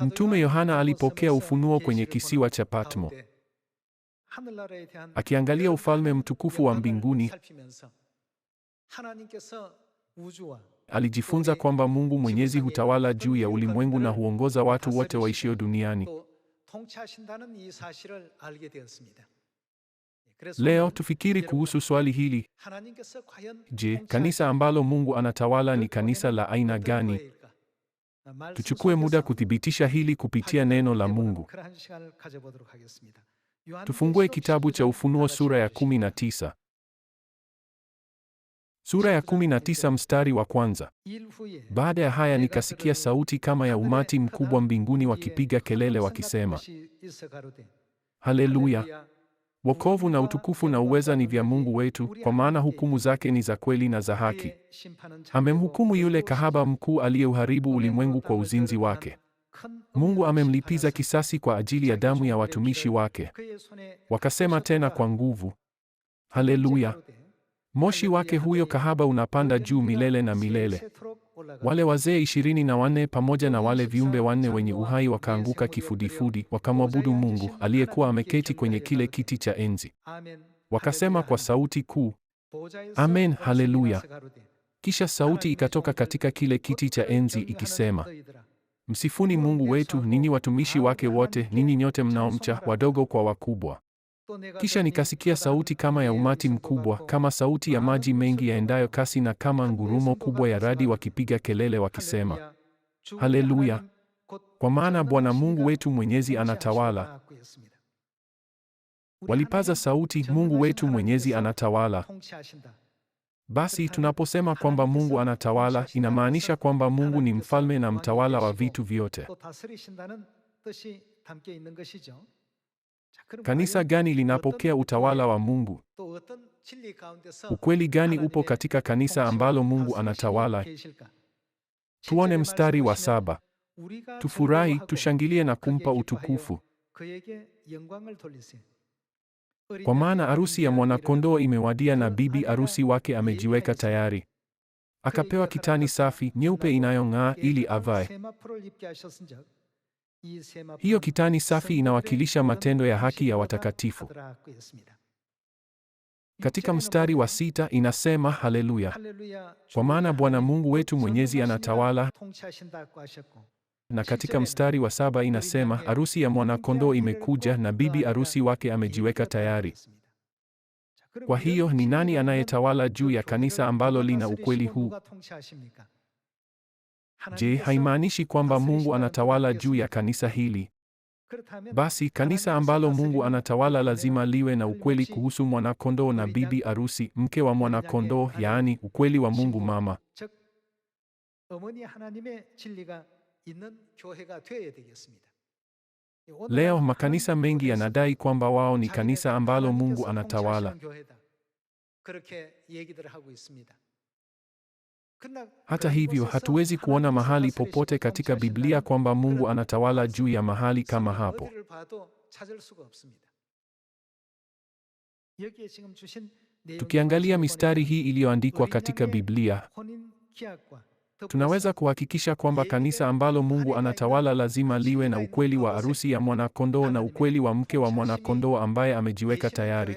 Mtume Yohana alipokea ufunuo kwenye kisiwa cha Patmo, akiangalia ufalme mtukufu wa mbinguni. Alijifunza kwamba Mungu Mwenyezi hutawala juu ya ulimwengu na huongoza watu wote waishio duniani. Leo tufikiri kuhusu swali hili. Je, kanisa ambalo Mungu anatawala ni kanisa la aina gani? Tuchukue muda kuthibitisha hili kupitia neno la Mungu. Tufungue kitabu cha Ufunuo sura ya 19. Sura ya 19 mstari wa kwanza. Baada ya haya nikasikia sauti kama ya umati mkubwa mbinguni wakipiga kelele wakisema, Haleluya! Wokovu na utukufu na uweza ni vya Mungu wetu, kwa maana hukumu zake ni za kweli na za haki. Amemhukumu yule kahaba mkuu aliyeuharibu ulimwengu kwa uzinzi wake. Mungu amemlipiza kisasi kwa ajili ya damu ya watumishi wake. Wakasema tena kwa nguvu, Haleluya! Moshi wake huyo kahaba unapanda juu milele na milele. Wale wazee ishirini na wanne pamoja na wale viumbe wanne wenye uhai wakaanguka kifudifudi, wakamwabudu Mungu aliyekuwa ameketi kwenye kile kiti cha enzi. Wakasema kwa sauti kuu, Amen, haleluya. Kisha sauti ikatoka katika kile kiti cha enzi ikisema, msifuni Mungu wetu, ninyi watumishi wake wote, ninyi nyote mnaomcha, wadogo kwa wakubwa. Kisha nikasikia sauti kama ya umati mkubwa, kama sauti ya maji mengi yaendayo kasi na kama ngurumo kubwa ya radi, wakipiga kelele wakisema, Haleluya! Kwa maana Bwana Mungu wetu Mwenyezi anatawala. Walipaza sauti, Mungu wetu Mwenyezi anatawala. Basi tunaposema kwamba Mungu anatawala, inamaanisha kwamba Mungu ni mfalme na mtawala wa vitu vyote. Kanisa gani linapokea utawala wa Mungu? Ukweli gani upo katika kanisa ambalo Mungu anatawala? Tuone mstari wa saba. Tufurahi, tushangilie na kumpa utukufu, kwa maana arusi ya mwanakondoo imewadia, na bibi arusi wake amejiweka tayari. Akapewa kitani safi nyeupe inayong'aa ili avae. Hiyo kitani safi inawakilisha matendo ya haki ya watakatifu. Katika mstari wa sita inasema haleluya, kwa maana Bwana Mungu wetu mwenyezi anatawala. Na katika mstari wa saba inasema harusi ya mwanakondoo imekuja na bibi harusi wake amejiweka tayari. Kwa hiyo ni nani anayetawala juu ya kanisa ambalo lina ukweli huu? Je, haimaanishi kwamba Mungu anatawala juu ya kanisa hili? Basi kanisa ambalo Mungu anatawala lazima liwe na ukweli kuhusu mwanakondoo na bibi arusi, mke wa mwanakondoo, yaani ukweli wa Mungu Mama. Leo makanisa mengi yanadai kwamba wao ni kanisa ambalo Mungu anatawala. Hata hivyo, hatuwezi kuona mahali popote katika Biblia kwamba Mungu anatawala juu ya mahali kama hapo. Tukiangalia mistari hii iliyoandikwa katika Biblia, tunaweza kuhakikisha kwamba kanisa ambalo Mungu anatawala lazima liwe na ukweli wa arusi ya mwanakondoo na ukweli wa mke wa mwanakondoo ambaye amejiweka tayari.